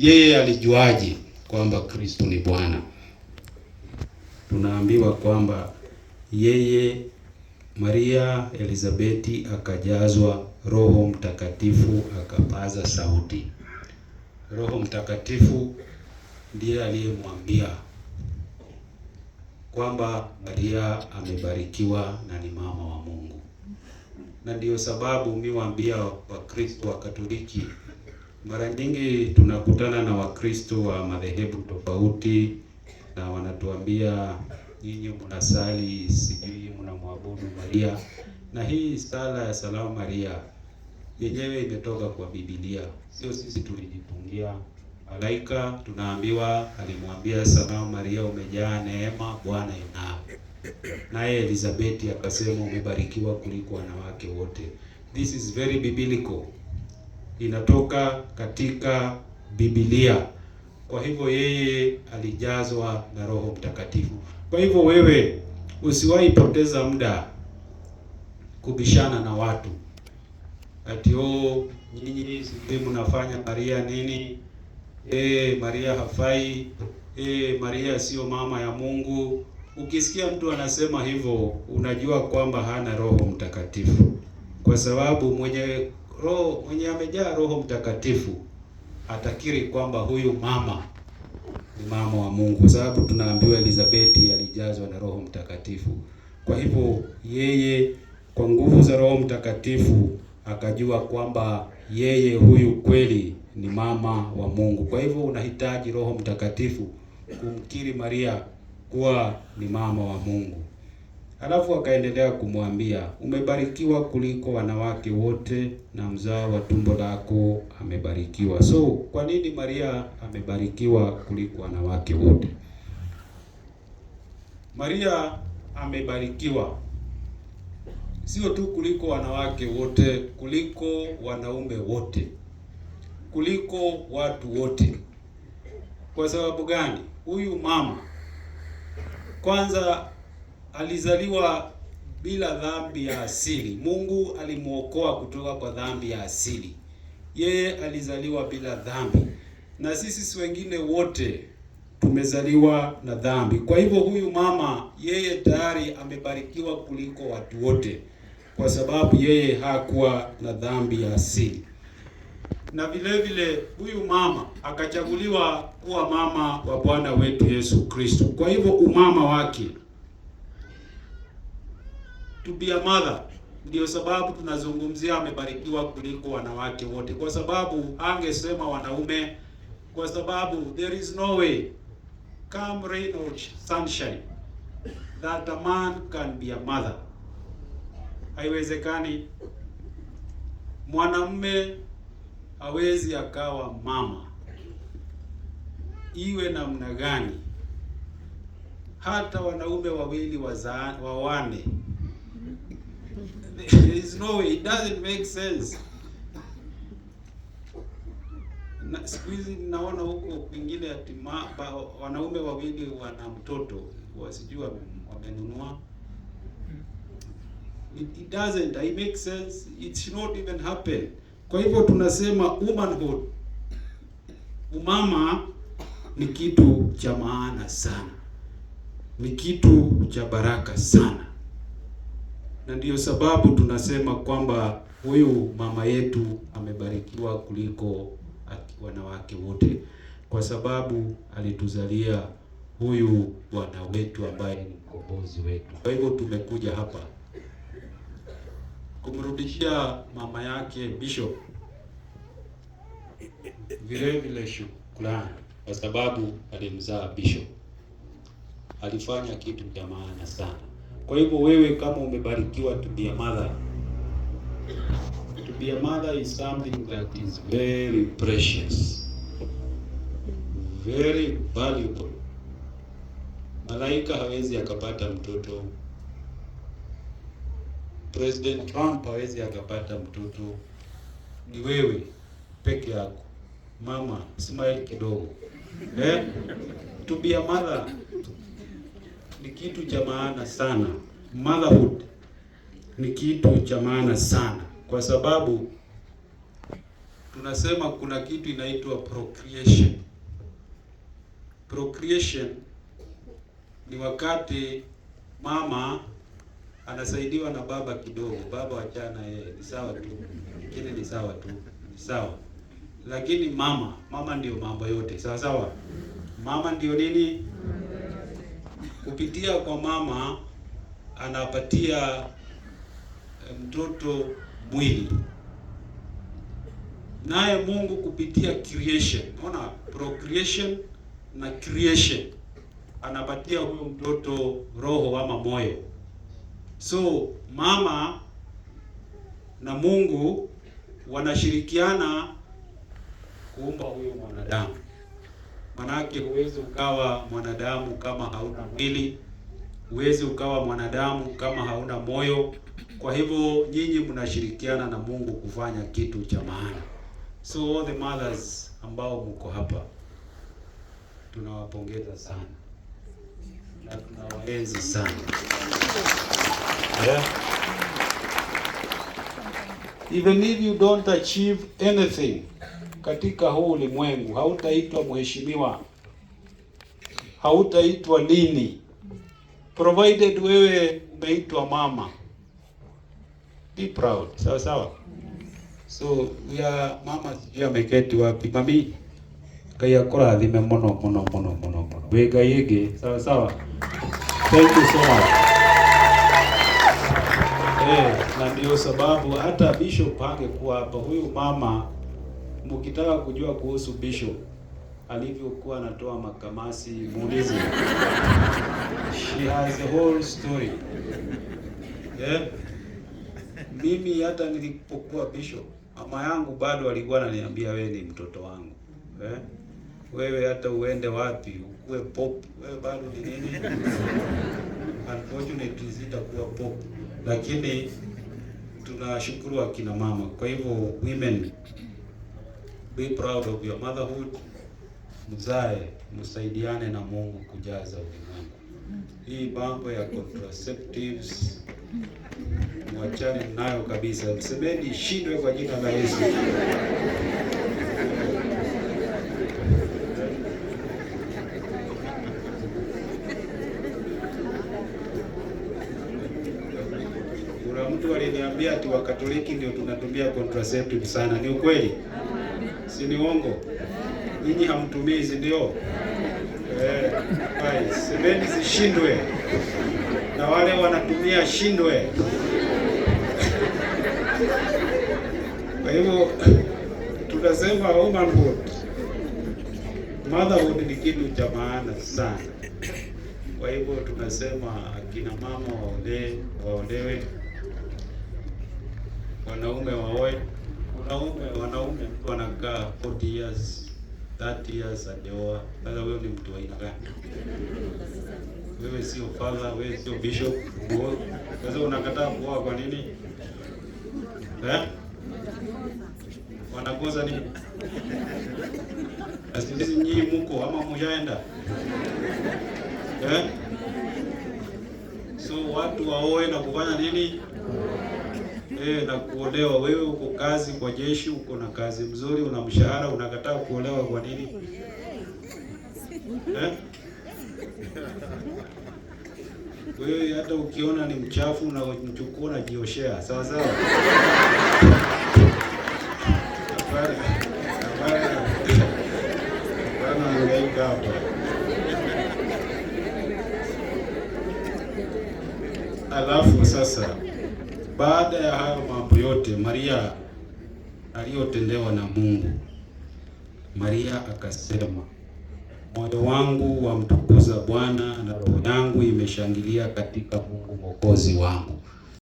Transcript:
yeye alijuaje kwamba Kristo ni Bwana? Tunaambiwa kwamba yeye Maria Elizabeti akajazwa Roho Mtakatifu akapaza sauti. Roho Mtakatifu ndiye aliyemwambia kwamba Maria amebarikiwa na ni mama wa Mungu, na ndiyo sababu miwaambia Wakristo wa Katoliki mara nyingi tunakutana na Wakristo wa madhehebu tofauti na wanatuambia nyinyi mnasali, sijui mnamwabudu Maria, na hii sala ya salamu Maria yenyewe imetoka kwa Biblia, sio sisi tulijitungia. Malaika tunaambiwa alimwambia salamu Maria, umejaa neema, Bwana inawe naye Elizabeti akasema umebarikiwa kuliko wanawake wote. This is very biblical inatoka katika Biblia. Kwa hivyo yeye alijazwa na Roho Mtakatifu. Kwa hivyo wewe usiwahi poteza muda kubishana na watu ati oh, nyinyi sijui mnafanya Maria nini, e, Maria hafai, e, Maria sio mama ya Mungu. Ukisikia mtu anasema hivyo, unajua kwamba hana Roho Mtakatifu, kwa sababu mwenye roho mwenye amejaa Roho Mtakatifu atakiri kwamba huyu mama ni mama wa Mungu, kwa sababu tunaambiwa Elizabeti alijazwa na Roho Mtakatifu. Kwa hivyo yeye kwa nguvu za Roho Mtakatifu akajua kwamba yeye huyu kweli ni mama wa Mungu. Kwa hivyo unahitaji Roho Mtakatifu kumkiri Maria kuwa ni mama wa Mungu alafu akaendelea kumwambia, umebarikiwa kuliko wanawake wote na mzao wa tumbo lako amebarikiwa. So kwa nini Maria amebarikiwa kuliko wanawake wote? Maria amebarikiwa sio tu kuliko wanawake wote, kuliko wanaume wote, kuliko watu wote. Kwa sababu gani? Huyu mama kwanza alizaliwa bila dhambi ya asili. Mungu alimwokoa kutoka kwa dhambi ya asili. Yeye alizaliwa bila dhambi, na sisi wengine wote tumezaliwa na dhambi. Kwa hivyo, huyu mama yeye tayari amebarikiwa kuliko watu wote, kwa sababu yeye hakuwa na dhambi ya asili. Na vile vile huyu mama akachaguliwa kuwa mama wa Bwana wetu Yesu Kristo. Kwa hivyo, umama wake to be a mother. Ndio sababu tunazungumzia amebarikiwa kuliko wanawake wote, kwa sababu angesema wanaume, kwa sababu there is no way come rain or sunshine that a man can be a mother. Haiwezekani mwanamume hawezi akawa mama iwe namna gani, hata wanaume wawili wawane there is no way, it doesn't make sense. Na siku hizi naona huko kwingine ati wanaume wawili wana mtoto wasijui wamenunua It, it doesn't it makes sense it should not even happen. Kwa hivyo tunasema womanhood, umama ni kitu cha maana sana, ni kitu cha baraka sana na ndiyo sababu tunasema kwamba huyu mama yetu amebarikiwa kuliko wanawake wote, kwa sababu alituzalia huyu Bwana wetu ambaye ni mkombozi wetu. Kwa hivyo tumekuja hapa kumrudishia mama yake Bishop vile vile shukrani, kwa sababu alimzaa Bishop, alifanya kitu cha maana sana. Kwa hivyo wewe kama umebarikiwa to be a mother, to be a mother is something that is very precious, very valuable. Malaika hawezi akapata mtoto, President Trump hawezi akapata mtoto, ni wewe peke yako. Mama smile kidogo eh? to be a mother ni kitu cha maana sana. Motherhood ni kitu cha maana sana, kwa sababu tunasema kuna kitu inaitwa procreation. Procreation ni wakati mama anasaidiwa na baba kidogo, baba wachana yeye, ni sawa tu, kile ni sawa tu, ni sawa lakini mama, mama ndio mambo yote, sawa sawa. Mama ndio nini? kupitia kwa mama anapatia eh, mtoto mwili, naye Mungu kupitia creation, unaona procreation na creation, anapatia huyo mtoto roho ama moyo. So mama na Mungu wanashirikiana kuumba huyo mwanadamu. Manake huwezi ukawa mwanadamu kama hauna mwili, huwezi ukawa mwanadamu kama hauna moyo. Kwa hivyo nyinyi mnashirikiana na Mungu kufanya kitu cha maana. So all the mothers ambao mko hapa tunawapongeza sana na tunawaenzi sana yeah. Even if you don't achieve anything katika huu ulimwengu. Hautaitwa mheshimiwa, hautaitwa nini, provided wewe umeitwa mama. Be proud, sawa sawa. So we are mama sijui ameketi wapi, mami Ngai akurathime muno muno muno muno muno, wi Ngai ingi sawa sawa. Thank you so much. Eh, na ndio sababu hata bishop angekuwa hapa, huyu mama mkitaka kujua kuhusu Bishop alivyokuwa anatoa makamasi, muulize. She has the whole story yeah. Mimi hata nilipokuwa bisho, mama yangu bado alikuwa ananiambia wewe ni mtoto wangu eh? Wewe hata uende wapi ukuwe pop, wewe bado ni nini? Unfortunately sitakuwa pop, lakini tunashukuru akina mama. Kwa hivyo women Be proud of your motherhood. Mzae, msaidiane na Mungu kujaza ulimwengu. Hii mambo ya contraceptives mwachane nayo kabisa, msemeni ishindwe kwa jina la Yesu. Kuna mtu aliniambia ati Wakatoliki ndio tunatumia contraceptive sana. Ni ukweli? si ni uongo? Ninyi hamtumii hizi ndio eh, semeni zishindwe, na wale wanatumia shindwe. Kwa hivyo tunasema womanhood, motherhood ni kitu cha maana sana. Kwa hivyo tunasema akina mama waolewe, waolewe, wanaume waoe wanaume wanaume, mtu anakaa 40 years 30 years ajaoa. Sasa wewe ni mtu wa aina gani? Wewe sio father, wewe sio bishop. Sasa unakataa kuoa kwa nini eh? Wanakosa nini? Asisi nyinyi mko ama mujaenda eh? So watu waoe na kufanya nini? eh, na kuolewa. Wewe uko kazi kwa jeshi, uko na kazi mzuri, una mshahara, unakataa kuolewa kwa nini? Eh? Wewe hata ukiona ni mchafu na mchukua najioshea, sawa sawa. Alafu sasa baada ya hayo mambo yote, Maria aliyotendewa na Mungu, Maria akasema, moyo wangu wamtukuza Bwana na roho yangu imeshangilia katika Mungu mwokozi wangu,